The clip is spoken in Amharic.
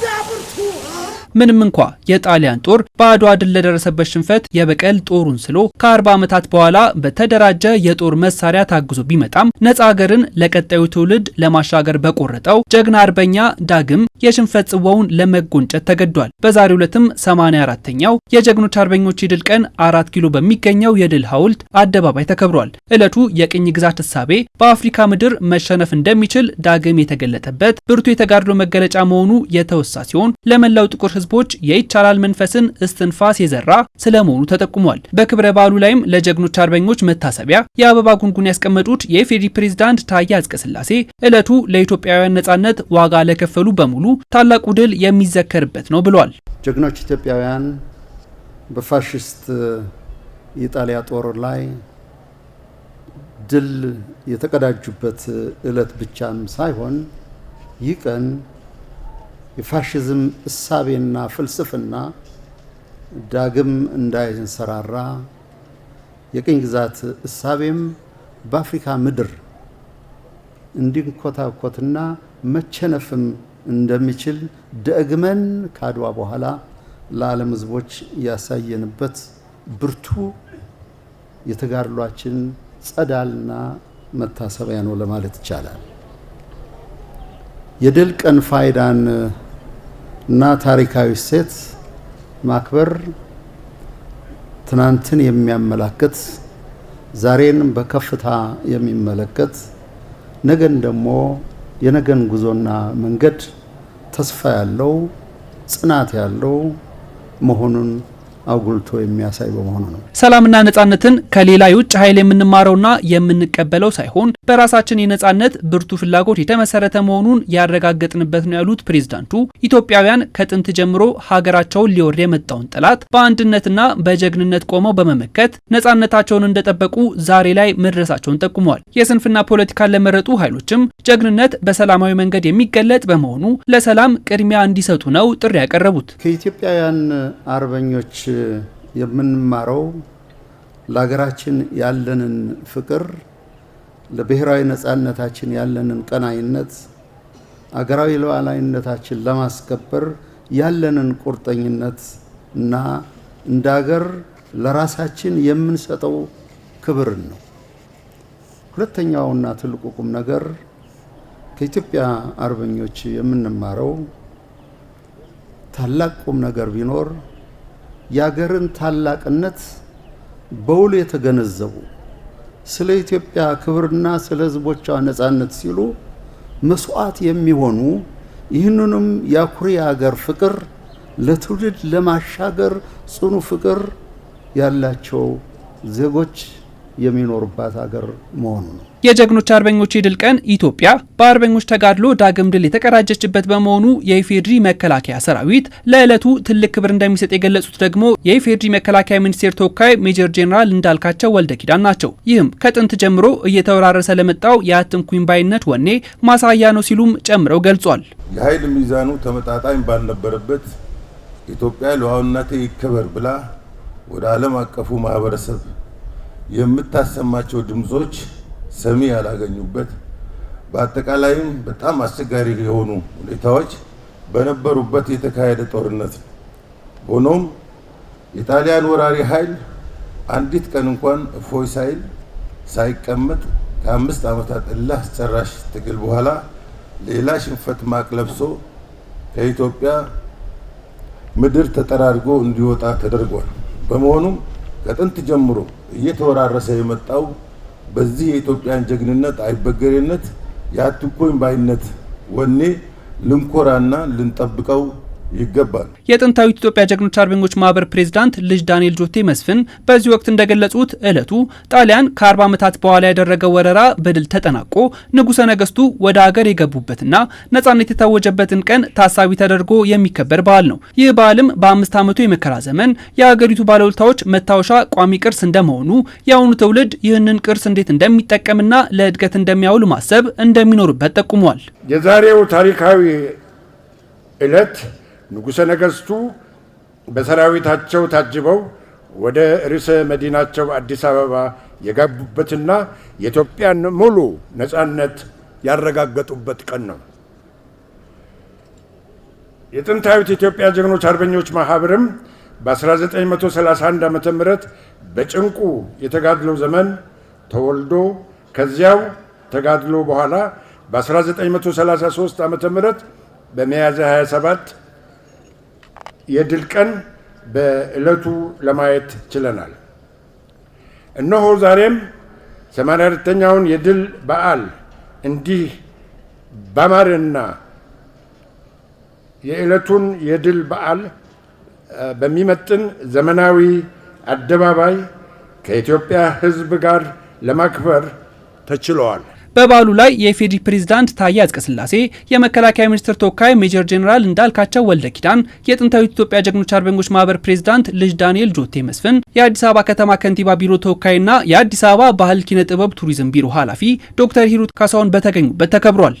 Zé Burtu! ምንም እንኳ የጣሊያን ጦር በአድዋ ድል ለደረሰበት ሽንፈት የበቀል ጦሩን ስሎ ከ40 ዓመታት በኋላ በተደራጀ የጦር መሳሪያ ታግዞ ቢመጣም ነፃ ሀገርን ለቀጣዩ ትውልድ ለማሻገር በቆረጠው ጀግና አርበኛ ዳግም የሽንፈት ጽዋውን ለመጎንጨት ተገዷል። በዛሬው ዕለትም 84ኛው የጀግኖች አርበኞች የድል ቀን አራት ኪሎ በሚገኘው የድል ሐውልት አደባባይ ተከብሯል። ዕለቱ የቅኝ ግዛት እሳቤ በአፍሪካ ምድር መሸነፍ እንደሚችል ዳግም የተገለጠበት ብርቱ የተጋድሎ መገለጫ መሆኑ የተወሳ ሲሆን ለመላው ጥቁር ህዝቦች የይቻላል መንፈስን እስትንፋስ የዘራ ስለመሆኑ ተጠቁሟል። በክብረ በዓሉ ላይም ለጀግኖች አርበኞች መታሰቢያ የአበባ ጉንጉን ያስቀመጡት የኢፌዴሪ ፕሬዝዳንት ታዬ አጽቀሥላሴ ዕለቱ ለኢትዮጵያውያን ነጻነት ዋጋ ለከፈሉ በሙሉ ታላቁ ድል የሚዘከርበት ነው ብሏል። ጀግኖች ኢትዮጵያውያን በፋሽስት የጣሊያ ጦር ላይ ድል የተቀዳጁበት ዕለት ብቻም ሳይሆን ይህ ቀን የፋሽዝም እሳቤና ፍልስፍና ዳግም እንዳይንሰራራ የቅኝ ግዛት እሳቤም በአፍሪካ ምድር እንዲንኮታኮትና መቸነፍም እንደሚችል ደግመን ካድዋ በኋላ ለዓለም ሕዝቦች ያሳየንበት ብርቱ የተጋድሏችን ጸዳልና መታሰቢያ ነው ለማለት ይቻላል። የድል ቀን ፋይዳን እና ታሪካዊ ሴት ማክበር ትናንትን የሚያመላክት ዛሬን በከፍታ የሚመለከት ነገን ደግሞ የነገን ጉዞና መንገድ ተስፋ ያለው ጽናት ያለው መሆኑን አጉልቶ የሚያሳይ በመሆኑ ነው። ሰላምና ነጻነትን ከሌላ የውጭ ኃይል የምንማረውና የምንቀበለው ሳይሆን በራሳችን የነጻነት ብርቱ ፍላጎት የተመሰረተ መሆኑን ያረጋገጥንበት ነው ያሉት ፕሬዝዳንቱ ኢትዮጵያውያን ከጥንት ጀምሮ ሀገራቸውን ሊወር የመጣውን ጠላት በአንድነትና በጀግንነት ቆመው በመመከት ነጻነታቸውን እንደጠበቁ ዛሬ ላይ መድረሳቸውን ጠቁመዋል። የስንፍና ፖለቲካን ለመረጡ ኃይሎችም ጀግንነት በሰላማዊ መንገድ የሚገለጥ በመሆኑ ለሰላም ቅድሚያ እንዲሰጡ ነው ጥሪ ያቀረቡት። ከኢትዮጵያውያን አርበኞች የምንማረው ለሀገራችን ያለንን ፍቅር፣ ለብሔራዊ ነፃነታችን ያለንን ቀናይነት፣ አገራዊ ሉዓላዊነታችን ለማስከበር ያለንን ቁርጠኝነት እና እንደ ሀገር ለራሳችን የምንሰጠው ክብርን ነው። ሁለተኛውና ትልቁ ቁም ነገር ከኢትዮጵያ አርበኞች የምንማረው ታላቅ ቁም ነገር ቢኖር የአገርን ታላቅነት በውሉ የተገነዘቡ ስለ ኢትዮጵያ ክብርና ስለ ሕዝቦቿ ነጻነት ሲሉ መስዋዕት የሚሆኑ ይህንንም የአኩሪ አገር ፍቅር ለትውልድ ለማሻገር ጽኑ ፍቅር ያላቸው ዜጎች የሚኖርባት ሀገር መሆኑ ነው። የጀግኖች አርበኞች የድል ቀን ኢትዮጵያ በአርበኞች ተጋድሎ ዳግም ድል የተቀዳጀችበት በመሆኑ የኢፌድሪ መከላከያ ሰራዊት ለዕለቱ ትልቅ ክብር እንደሚሰጥ የገለጹት ደግሞ የኢፌድሪ መከላከያ ሚኒስቴር ተወካይ ሜጀር ጄኔራል እንዳልካቸው ወልደ ኪዳን ናቸው። ይህም ከጥንት ጀምሮ እየተወራረሰ ለመጣው የአትንኩኝ ባይነት ወኔ ማሳያ ነው ሲሉም ጨምረው ገልጿል። የኃይል ሚዛኑ ተመጣጣኝ ባልነበረበት ኢትዮጵያ ሉዓላዊነቴ ይከበር ብላ ወደ ዓለም አቀፉ ማህበረሰብ የምታሰማቸው ድምፆች ሰሚ ያላገኙበት በአጠቃላይም በጣም አስቸጋሪ የሆኑ ሁኔታዎች በነበሩበት የተካሄደ ጦርነት ነው። ሆኖም የጣሊያን ወራሪ ኃይል አንዲት ቀን እንኳን እፎይ ሳይል ሳይቀመጥ ከአምስት ዓመታት እልህ አስጨራሽ ትግል በኋላ ሌላ ሽንፈት ማቅ ለብሶ ከኢትዮጵያ ምድር ተጠራርጎ እንዲወጣ ተደርጓል። በመሆኑም ከጥንት ጀምሮ እየተወራረሰ የመጣው በዚህ የኢትዮጵያን ጀግንነት፣ አይበገሬነት፣ የአትኮኝ ባይነት ወኔ ልንኮራና ልንጠብቀው ይገባል። የጥንታዊት ኢትዮጵያ ጀግኖች አርበኞች ማህበር ፕሬዝዳንት ልጅ ዳንኤል ጆቴ መስፍን በዚህ ወቅት እንደገለጹት እለቱ ጣሊያን ከ40 ዓመታት በኋላ ያደረገው ወረራ በድል ተጠናቆ ንጉሠ ነገሥቱ ወደ አገር የገቡበትና ነጻነት የታወጀበትን ቀን ታሳቢ ተደርጎ የሚከበር በዓል ነው። ይህ በዓልም በአምስት ዓመቱ የመከራ ዘመን የአገሪቱ ባለውልታዎች መታወሻ ቋሚ ቅርስ እንደመሆኑ የአሁኑ ትውልድ ይህንን ቅርስ እንዴት እንደሚጠቀምና ለእድገት እንደሚያውል ማሰብ እንደሚኖርበት ጠቁሟል። የዛሬው ታሪካዊ እለት ንጉሠ ነገሥቱ በሰራዊታቸው ታጅበው ወደ ርዕሰ መዲናቸው አዲስ አበባ የገቡበትና የኢትዮጵያን ሙሉ ነፃነት ያረጋገጡበት ቀን ነው። የጥንታዊት የኢትዮጵያ ጀግኖች አርበኞች ማህበርም በ1931 ዓ ም በጭንቁ የተጋድሎ ዘመን ተወልዶ ከዚያው ተጋድሎ በኋላ በ1933 ዓ ም በሚያዝያ 27 የድል ቀን በዕለቱ ለማየት ችለናል። እነሆ ዛሬም 84ተኛውን የድል በዓል እንዲህ ባማረና የዕለቱን የድል በዓል በሚመጥን ዘመናዊ አደባባይ ከኢትዮጵያ ሕዝብ ጋር ለማክበር ተችለዋል። በበዓሉ ላይ የኢፌዴሪ ፕሬዝዳንት ታዬ አጽቀሥላሴ፣ የመከላከያ ሚኒስትር ተወካይ ሜጀር ጄኔራል እንዳልካቸው ወልደ ኪዳን፣ የጥንታዊት ኢትዮጵያ ጀግኖች አርበኞች ማህበር ፕሬዝዳንት ልጅ ዳንኤል ጆቴ መስፍን፣ የአዲስ አበባ ከተማ ከንቲባ ቢሮ ተወካይና የአዲስ አበባ ባህል ኪነ ጥበብ ቱሪዝም ቢሮ ኃላፊ ዶክተር ሂሩት ካሳሁን በተገኙበት ተከብሯል።